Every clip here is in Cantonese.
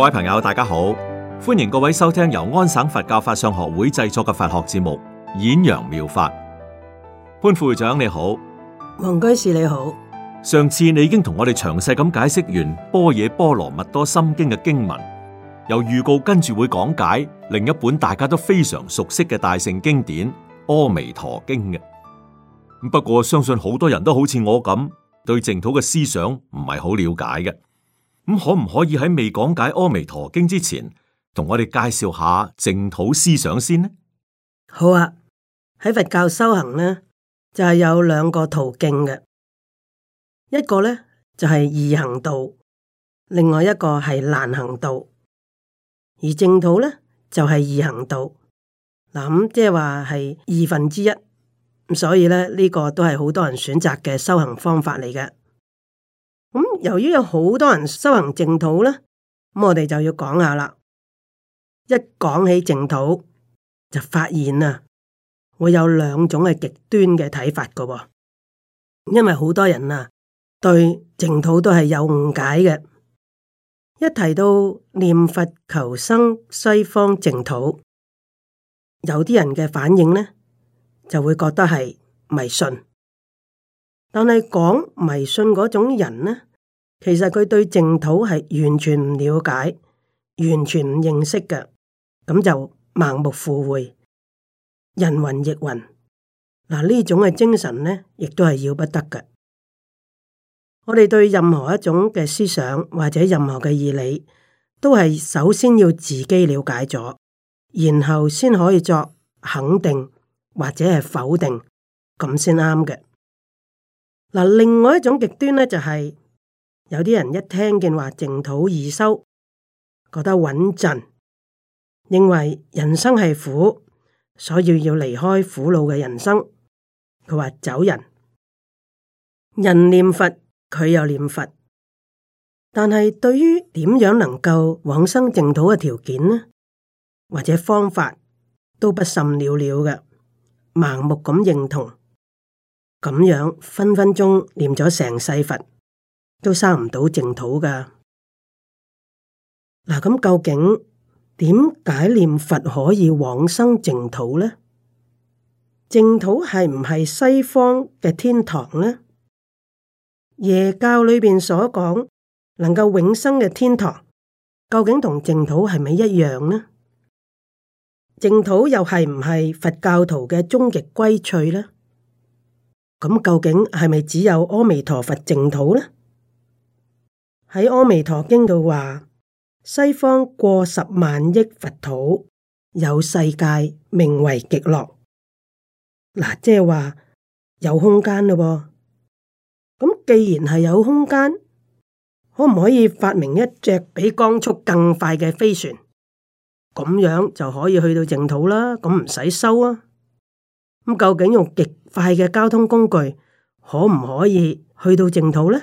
各位朋友，大家好，歡迎各位收聽由安省佛教法上學會製作嘅佛學節目《演揚妙，妙法》。潘副會長你好，黃居士你好。上次你已經同我哋詳細咁解釋完《般若波羅蜜多心經》嘅經文，又預告跟住會講解另一本大家都非常熟悉嘅大乘經典《阿彌陀經》嘅。不過，相信好多人都好似我咁，對淨土嘅思想唔係好了解嘅。咁可唔可以喺未講解阿彌陀經之前，同我哋介紹下淨土思想先呢？好啊，喺佛教修行咧，就係、是、有兩個途徑嘅，一個咧就係、是、易行道，另外一個係難行道，而淨土咧就係、是、易行道，嗱咁即係話係二分之一，咁所以咧呢個都係好多人選擇嘅修行方法嚟嘅。咁由於有好多人修行淨土呢，咁我哋就要講下啦。一講起淨土，就發現啊，會有兩種嘅極端嘅睇法㗎喎。因為好多人啊，對淨土都係有誤解嘅。一提到念佛求生西方淨土，有啲人嘅反應呢，就會覺得係迷信。但係講迷信嗰種人呢，其實佢對淨土係完全唔了解，完全唔認識嘅，咁就盲目附會，人云亦云。嗱，呢種嘅精神呢，亦都係要不得嘅。我哋對任何一種嘅思想或者任何嘅義理，都係首先要自己了解咗，然後先可以作肯定或者係否定，咁先啱嘅。嗱，另外一種極端咧，就是，就係有啲人一聽見話淨土易修，覺得穩陣，認為人生係苦，所以要離開苦惱嘅人生，佢話走人。人念佛，佢又念佛，但係對於點樣能夠往生淨土嘅條件呢，或者方法，都不甚了了嘅，盲目咁認同。咁樣分分鐘念咗成世佛，都生唔到淨土噶。嗱、啊，咁、嗯、究竟點解念佛可以往生淨土呢？淨土係唔係西方嘅天堂呢？耶教裏邊所講能夠永生嘅天堂，究竟同淨土係咪一樣呢？淨土又係唔係佛教徒嘅終極歸趣呢？咁究竟係咪只有阿彌陀佛淨土呢？喺《阿彌陀經》度話，西方過十萬億佛土，有世界名為極樂。嗱，即係話有空間嘞喎。咁既然係有空間，可唔可以發明一隻比光速更快嘅飛船？咁樣就可以去到淨土啦。咁唔使修啊！咁究竟用極快嘅交通工具可唔可以去到淨土呢？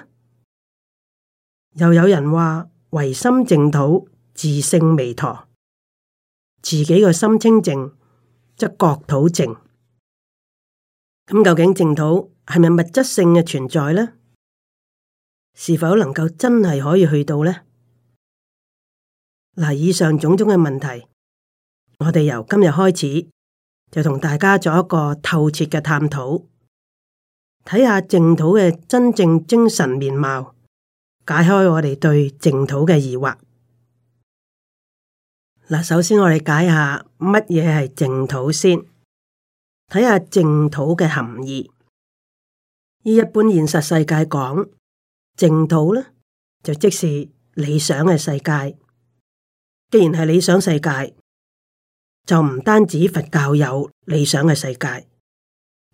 又有人話：唯心淨土，自性彌陀。自己嘅心清淨，則國土淨。咁究竟淨土係咪物質性嘅存在呢？是否能夠真係可以去到呢？嗱，以上種種嘅問題，我哋由今日開始。就同大家做一個透徹嘅探討，睇下淨土嘅真正精神面貌，解開我哋對淨土嘅疑惑。嗱，首先我哋解，解下乜嘢係淨土先，睇下淨土嘅含義。以一般現實世界講淨土咧，就即是理想嘅世界。既然係理想世界。就唔單止佛教有理想嘅世界，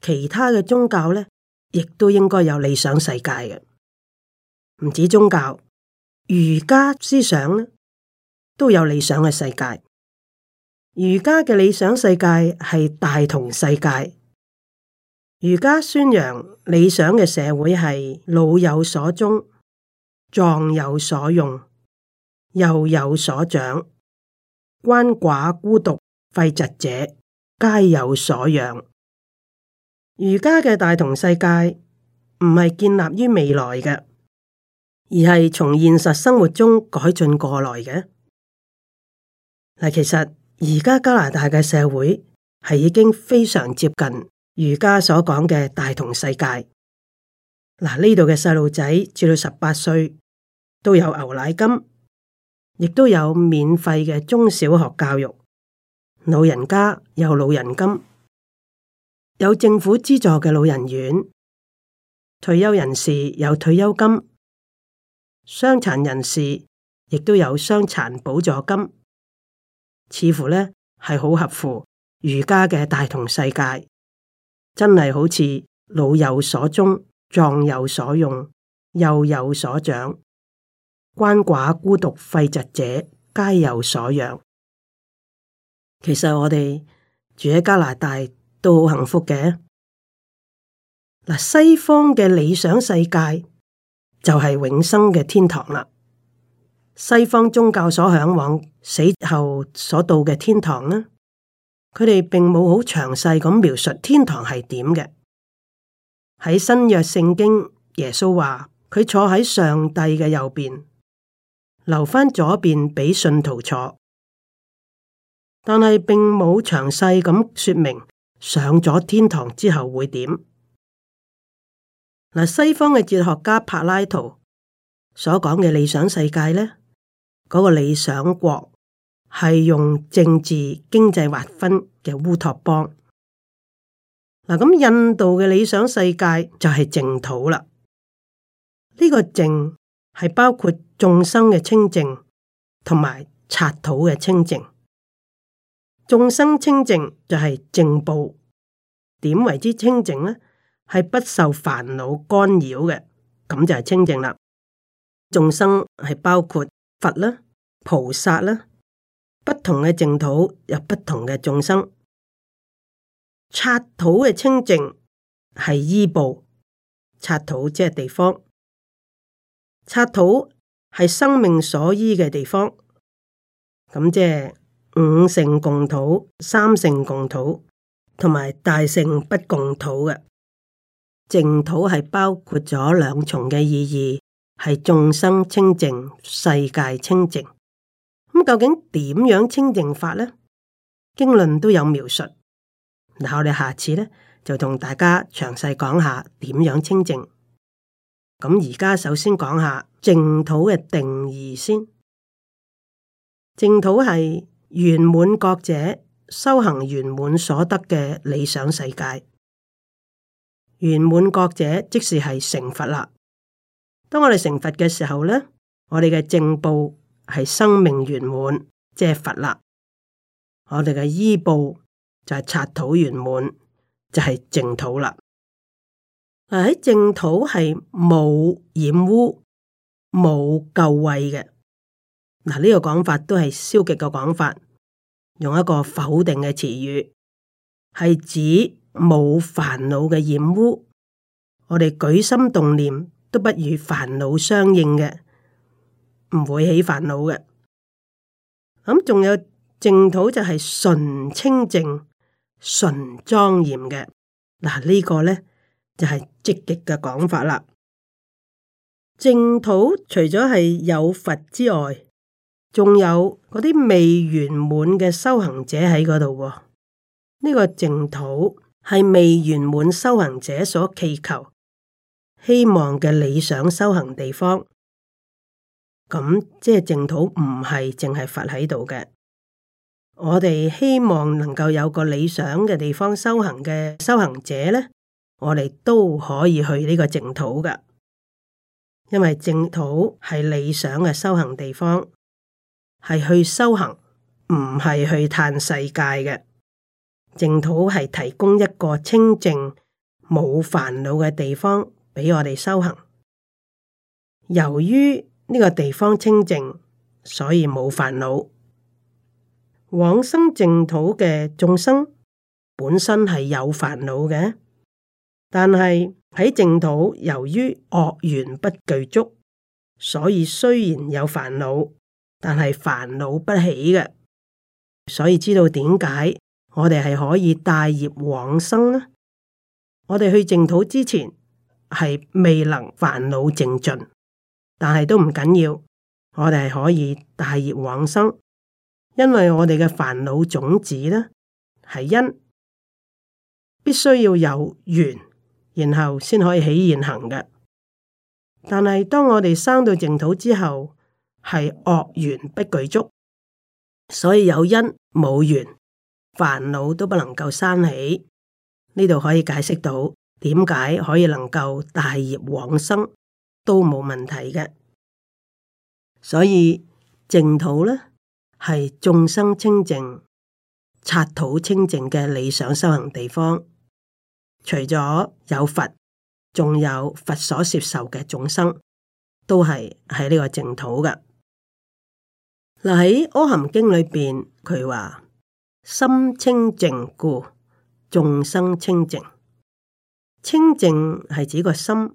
其他嘅宗教咧，亦都應該有理想世界嘅。唔止宗教，儒家思想咧都有理想嘅世界。儒家嘅理想世界係大同世界。儒家宣揚理想嘅社會係老有所終，壯有所用，幼有所長，鰥寡孤獨。廢疾者皆有所養。儒家嘅大同世界唔係建立於未來嘅，而係從現實生活中改進過來嘅。嗱，其實而家加拿大嘅社會係已經非常接近儒家所講嘅大同世界。嗱，呢度嘅細路仔至到十八歲都有牛奶金，亦都有免費嘅中小學教育。老人家有老人金，有政府資助嘅老人院；退休人士有退休金，傷殘人士亦都有傷殘補助金。似乎呢係好合乎儒家嘅大同世界，真係好似老有所終，壯有所用，幼有所長，鰥寡孤獨廢疾者皆有所養。其實我哋住喺加拿大都好幸福嘅。嗱，西方嘅理想世界就係、是、永生嘅天堂啦。西方宗教所向往死後所到嘅天堂啦，佢哋並冇好詳細咁描述天堂係點嘅。喺新約聖經，耶穌話佢坐喺上帝嘅右邊，留返左邊俾信徒坐。但係並冇詳細咁說明上咗天堂之後會點？西方嘅哲學家柏拉圖所講嘅理想世界呢，嗰、嗰個理想國係用政治經濟劃分嘅烏托邦。嗱，咁印度嘅理想世界就係淨土啦。呢、呢個淨係包括眾生嘅清淨同埋剎土嘅清淨。眾生清淨就係正報，點為之清淨呢？係不受煩惱干擾嘅，咁就係清淨啦。眾生係包括佛啦、菩薩啦，不同嘅淨土有不同嘅眾生。剎土嘅清淨係依報，剎土即係地方，剎土係生命所依嘅地方，咁即係。五乘共土、三乘共土，同埋大乘不共土嘅淨土係包括咗兩重嘅意義，係眾生清淨、世界清淨。咁究竟點樣清淨法呢？經論都有描述，嗱，我哋下次呢就同大家詳細講下點樣清淨。咁而家首先講下淨土嘅定義先，淨土係。圓滿覺者修行圓滿所得嘅理想世界，圓滿覺者即是係成佛啦。當我哋成佛嘅時候咧，我哋嘅正報係生命圓滿，即係佛啦。我哋嘅依報就係剎土圓滿，就係淨土啦。嗱，喺淨土係冇染污、冇垢穢嘅。嗱，呢個講法都係消極嘅講法。用一個否定嘅詞語，係指冇煩惱嘅染污。我哋舉心動念都不與煩惱相應嘅，唔會起煩惱嘅。咁仲有淨土就係純清淨、純莊嚴嘅。嗱，呢個咧就係積極嘅講法啦。淨土除咗係有佛之外，仲有嗰啲未完滿嘅修行者喺嗰度喎，呢個淨土係未完滿修行者所祈求、希望嘅理想修行地方。咁即係淨土唔係淨係佛喺度嘅，我哋希望能夠有個理想嘅地方修行嘅修行者咧，我哋都可以去呢個淨土噶，因為淨土係理想嘅修行地方。係去修行，唔係去嘆世界嘅。淨土係提供一個清淨冇煩惱嘅地方俾我哋修行。由於呢個地方清淨，所以冇煩惱。往生淨土嘅眾生本身係有煩惱嘅，但係喺淨土，由於惡緣不具足，所以雖然有煩惱。但係煩惱不起嘅，所以知道點解我哋係可以帶業往生呢？我哋去淨土之前係未能煩惱淨盡，但係都唔緊要，我哋係可以帶業往生，因為我哋嘅煩惱種子呢係因必須要有緣，然後先可以起現行嘅。但係當我哋生到淨土之後，係惡緣不具足，所以有因冇緣，煩惱都不能夠生起。呢度可以解釋到點解可以能夠大業往生都冇問題嘅。所以淨土咧係眾生清淨、剎土清淨嘅理想修行地方。除咗有佛，仲有佛所攝受嘅眾生，都係喺呢個淨土嘅。嗱喺《阿含經》裏面，佢話心清淨故，眾生清淨。清淨係指個心，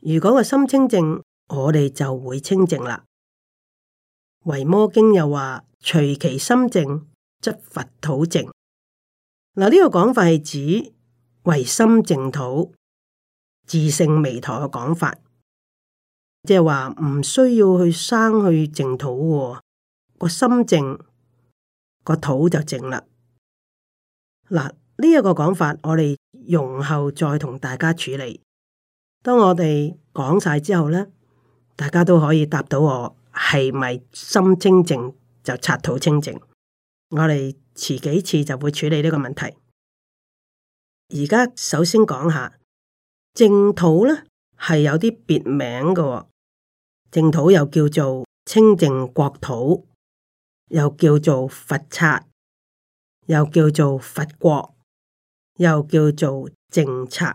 如果個心清淨，我哋就會清淨啦。《維摩經》又話：隨其心淨，則佛土淨。嗱、這、呢個講法係指唯心淨土自性彌陀嘅講法。即係話，唔需要去生去淨土，個心淨，個土就淨啦。嗱，呢一個講法我哋容後再同大家處理。當我哋講晒之後咧，大家都可以答到我係咪心清淨就刹土清淨。我哋遲幾次就會處理呢個問題。而家首先講下淨土咧係有啲別名嘅，哦。淨土又叫做清淨國土，又叫做佛剎，又叫做佛國，又叫做淨剎。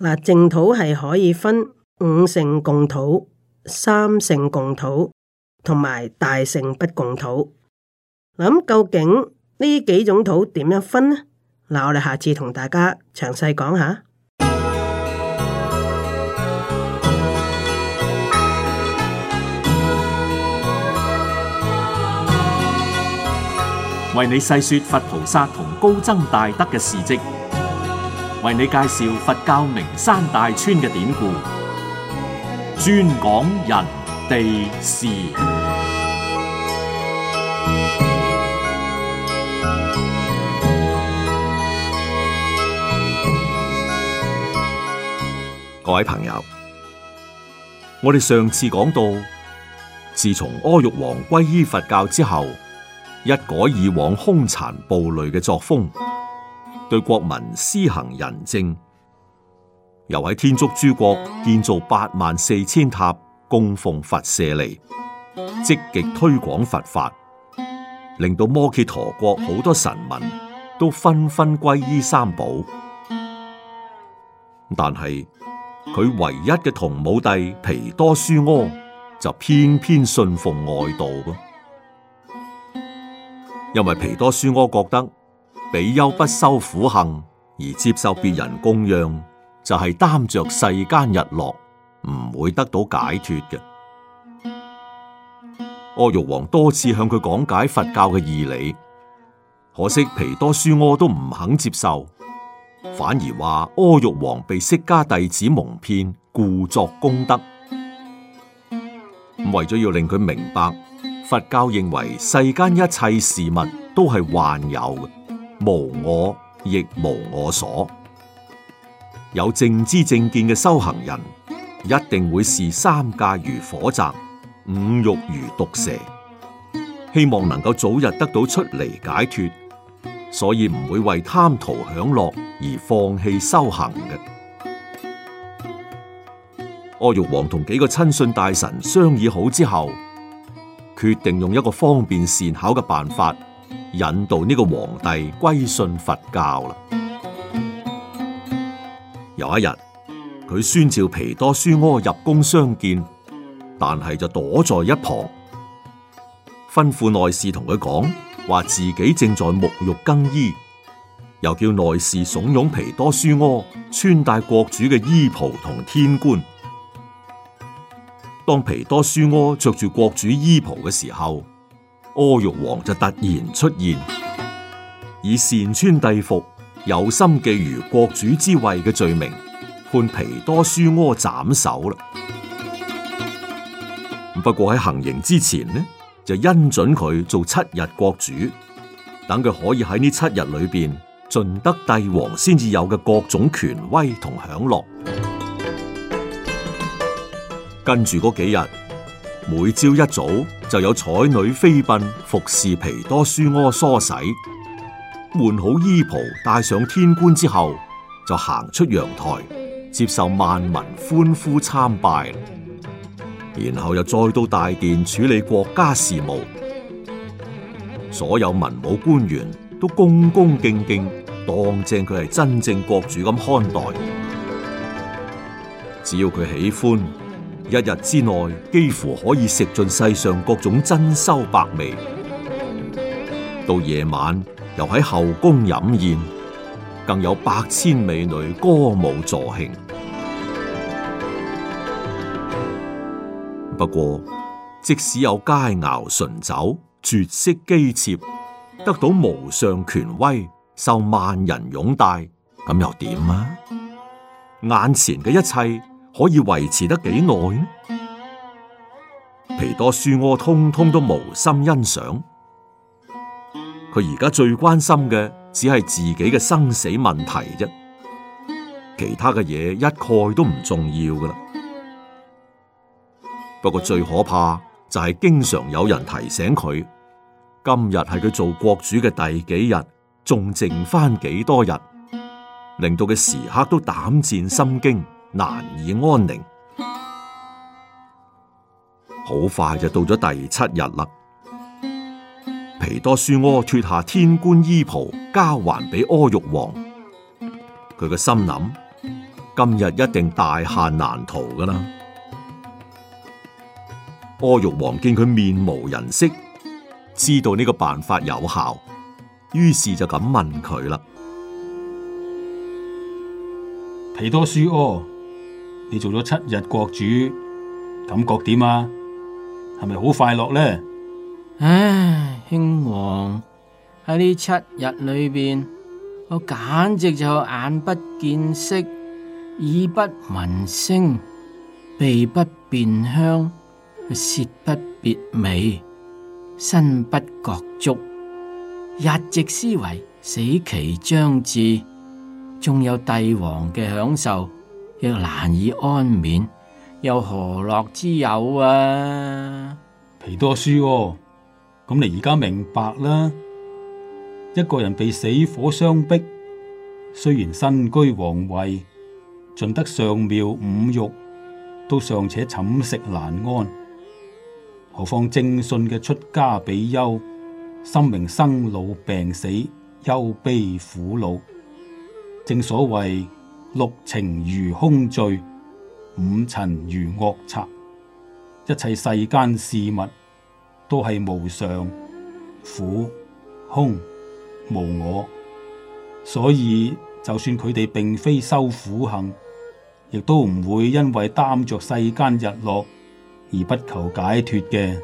嗱，淨土係可以分五乘共土、三乘共土同埋大乘不共土。嗱，究竟呢幾種土點樣分呢？嗱，我哋下次同大家詳細講下。為你細說佛菩薩同高僧大德嘅事跡，為你介紹佛教名山大川嘅典故，專講人地事。各位朋友，我哋上次講到，自從阿育王皈依佛教之後。一改以往兇殘暴戾嘅作風，對國民施行仁政，又喺天竺諸國建造八萬四千塔供奉佛舍利，積極推廣佛法，令到摩揭陀國好多臣民都紛紛皈依三寶。但係佢唯一嘅同母弟皮多輸柯，就偏偏信奉外道。因為皮多舒柯覺得比丘不修苦行而接受別人供養，就係、是、擔着世間日落唔會得到解脱嘅。阿育王多次向佢講解佛教嘅義理，可惜皮多舒柯都唔肯接受，反而話阿育王被釋迦弟子蒙騙，故作功德。咁為咗要令佢明白。佛教認為世間一切事物都係幻有嘅，無我亦無我所。有正知正見嘅修行人，一定會視三界如火宅，五欲如毒蛇，希望能夠早日得到出離解脫，所以唔會為貪圖享樂而放棄修行嘅。阿育王同幾個親信大臣商議好之後。決定用一個方便善巧嘅辦法，引導呢個皇帝歸信佛教啦。有一日，佢宣召皮多舒柯入宮相見，但係就躲在一旁，吩咐內侍同佢講，話自己正在沐浴更衣，又叫內侍慫恿皮多舒柯穿戴國主嘅衣袍同天冠。當皮多舒柯着住國主衣袍嘅時候，阿育王就突然出現，以擅穿帝服、有心覬覦國主之位嘅罪名，判皮多舒柯斬首啦。不過喺行刑之前呢，就恩准佢做七日國主，等佢可以喺呢七日裏邊盡得帝王先至有嘅各種權威同享樂。跟住嗰幾日，每朝一早就有彩女飛奔服侍皮多書柯梳洗，換好衣袍，戴上天冠之後，就行出陽台接受萬民歡呼參拜，然後又再到大殿處理國家事務，所有文武官員都恭恭敬敬，當正佢係真正國主咁看待，只要佢喜歡。一日之內幾乎可以食盡世上各種珍饈百味，到夜晚又喺後宮飲宴，更有百千美女歌舞助興。不過，即使有佳餚醇酒、絕色姬妾，得到無上權威，受萬人擁戴，咁又點啊？眼前嘅一切。可以維持得幾耐呢？皮多書窩通通都無心欣賞，佢而家最關心嘅，只係自己嘅生死問題啫，其他嘅嘢一概都唔重要㗎喇。不過最可怕就係經常有人提醒佢，今日係佢做國主嘅第幾日，仲剩翻幾多日，令到佢時刻都膽戰心驚，難以安寧，好快就到咗第七日啦。皮多舒柯脱下天官衣袍，交還俾阿育王。佢個心諗：今日一定大限難逃噶啦。阿育王見佢面無人色，知道呢個辦法有效，於是就咁問佢啦：皮多舒柯、哦。你做咗七日國主，感覺點啊？係咪好快樂呢？唉，兄王，喺呢七日裏邊，我簡直就眼不見色，耳不聞聲，鼻不辨香，舌不別味，身不覺足，日夕思維，死期將至，仲有帝王嘅享受。亦難以安眠，又何樂之有啊？皮多書，咁你而家明白啦。一個人被死火相逼，雖然身居皇位，盡得上妙五欲，都尚且寢食難安。何況正信嘅出家比丘，心明生老病死，憂悲苦惱。正所謂。六情如空聚，五塵如惡賊。一切世間事物都係無常、苦、空、無我，所以就算佢哋並非修苦行，亦都唔會因為擔着世間日落而不求解脫嘅。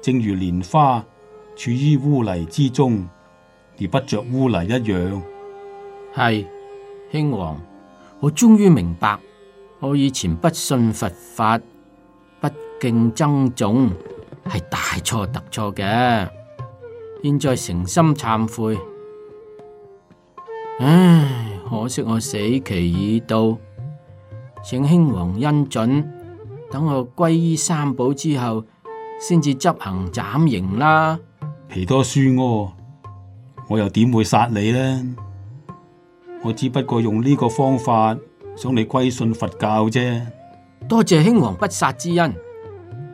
正如蓮花處於污泥之中而不着污泥一樣，係。兄王，我終於明白，我以前不信佛法，不敬僧眾，係大錯特錯嘅。現在誠心懺悔。唉，可惜我死期已到，請兄王恩准，等我歸依三寶之後，先至執行斬刑啦。皮多舒我，我又點會殺你呢？我只不過用呢個方法想你歸信佛教啫。多謝兄皇不殺之恩，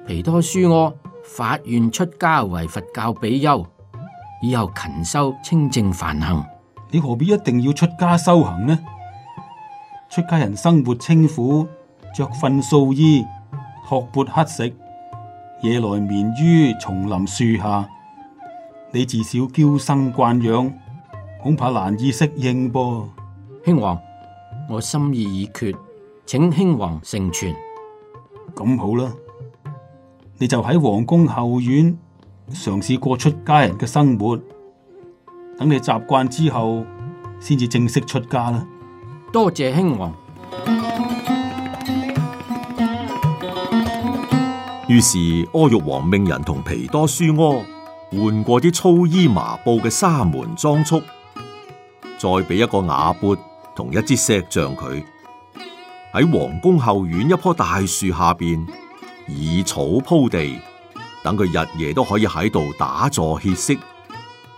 毘多輸柯，發願出家為佛教比丘，以後勤修清淨梵行。你何必一定要出家修行呢？出家人生活清苦，着糞素衣，托缽乞食，夜來眠於叢林樹下。你至少嬌生慣養，恐怕難以適應噃。兄皇，我心意已決，請兄皇成全。咁好啦，你就喺皇宮後院嘗試過出家人嘅生活，等你習慣之後，先至正式出家啦。多謝兄皇。於是阿育王命人同皮多舒柯換過啲粗衣麻布嘅沙門裝束，再俾一個瓦缽。同一支石像，佢喺皇宮後院一棵大樹下邊，以草鋪地，等佢日夜都可以喺度打坐歇息，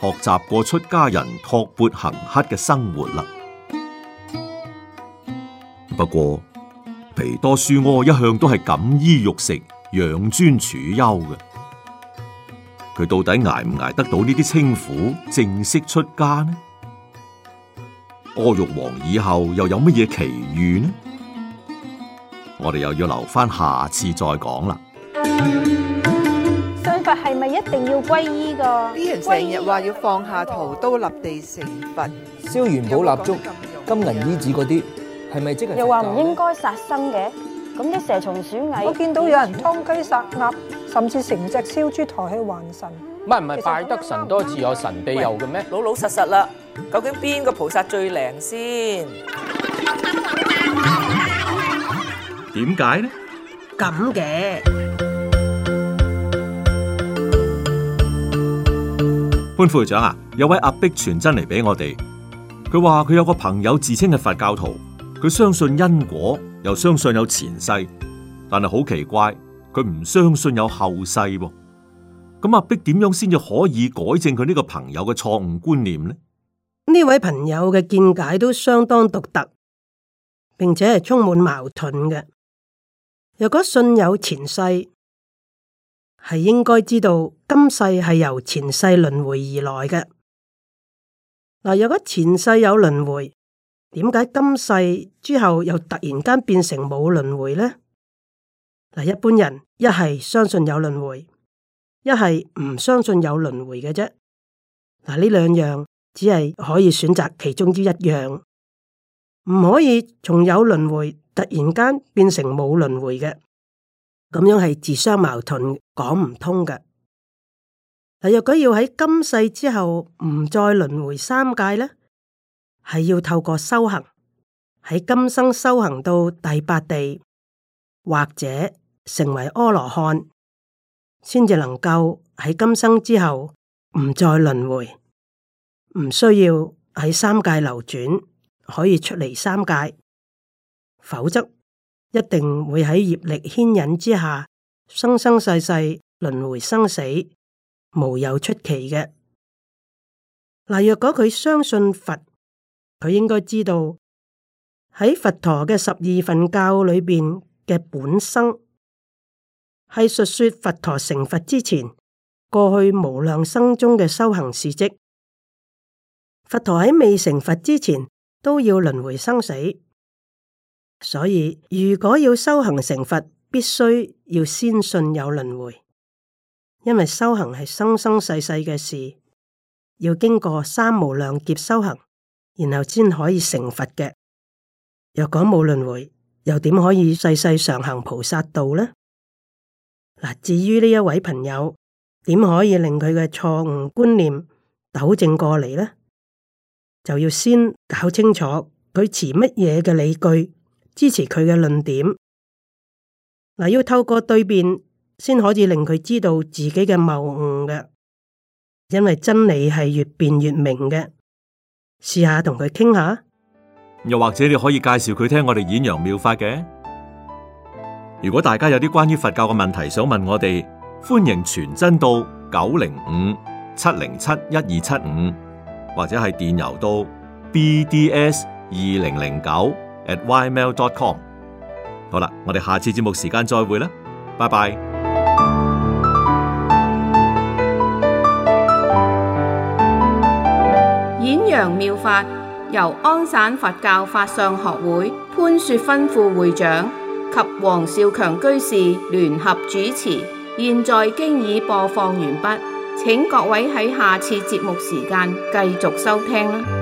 學習過出家人托缽行乞嘅生活啦。不過皮多書柯一向都係錦衣玉食、養尊處優嘅，佢到底挨唔挨得到呢啲清苦，正式出家呢？阿育王以後又有乜嘢奇遇呢？我哋又要留翻下，下次再講啦。信佛係咪一定要皈依噶？啲人成日話要放下屠刀立地成佛，燒元寶蠟燭、金銀衣紙嗰啲，係咪、啊、即係？又話唔應該殺生嘅，咁啲蛇蟲鼠蟻，我見到有人劏雞殺鴨，甚至成隻燒豬抬去還神。唔係唔係，拜得神多自有神庇佑嘅咩？喂老老實實啦。究竟邊個菩薩最靚先？點解呢？咁嘅潘副會長啊，有位阿碧傳真嚟俾我哋，佢話佢有個朋友自稱係佛教徒，佢相信因果，又相信有前世，但係好奇怪，佢唔相信有後世噃。咁阿碧點樣先至可以改正佢呢個朋友嘅錯誤觀念呢？呢位朋友嘅見解都相當獨特，並且係充滿矛盾嘅。若果信有前世，係應該知道今世係由前世輪回而來嘅。嗱，若果前世有輪回，點解今世之後又突然間變成冇輪回呢？嗱，一般人一係相信有輪回，一係唔相信有輪回嘅啫。嗱，呢兩樣。只係可以選擇其中之一樣，唔可以從有輪迴突然間變成冇輪迴嘅，咁樣係自相矛盾，講唔通嘅。但若果要喺今世之後唔再輪迴三界咧，係要透過修行，喺今生修行到第八地，或者成為阿羅漢，先至能夠喺今生之後唔再輪迴。唔需要喺三界流轉，可以出嚟三界，否則一定會喺業力牽引之下，生生世世輪回生死，無有出期嘅。嗱，若果佢相信佛，佢應該知道喺佛陀嘅十二分教裏邊嘅本生，係述說佛陀成佛之前過去無量生中嘅修行事跡。佛陀喺未成佛之前都要輪回生死，所以如果要修行成佛，必須要先信有輪回，因為修行係生生世世嘅事，要經過三無量劫修行，然後先可以成佛嘅。若果冇輪回，又點可以世世常行菩薩道呢？嗱，至於呢一位朋友點可以令佢嘅錯誤觀念糾正過嚟呢？就要先搞清楚佢持乜嘢嘅理據，支持佢嘅論點。嗱，要透過對辯，先可以令佢知道自己嘅謬誤嘅。因為真理係越辯越明嘅。試下同佢傾下，又或者你可以介紹佢聽我哋演揚妙法嘅。如果大家有啲關於佛教嘅問題想問我哋，歡迎傳真到九零五七零七一二七五。或者係電郵到 bds 二零零九 at ymail.com。Com 好啦，我哋下次節目時間再會啦，拜拜。演揚妙法由安省佛教法相學會潘雪芬副會長及黃少強居士聯合主持，現在已經已播放完畢，請各位喺下次節目時間繼續收聽。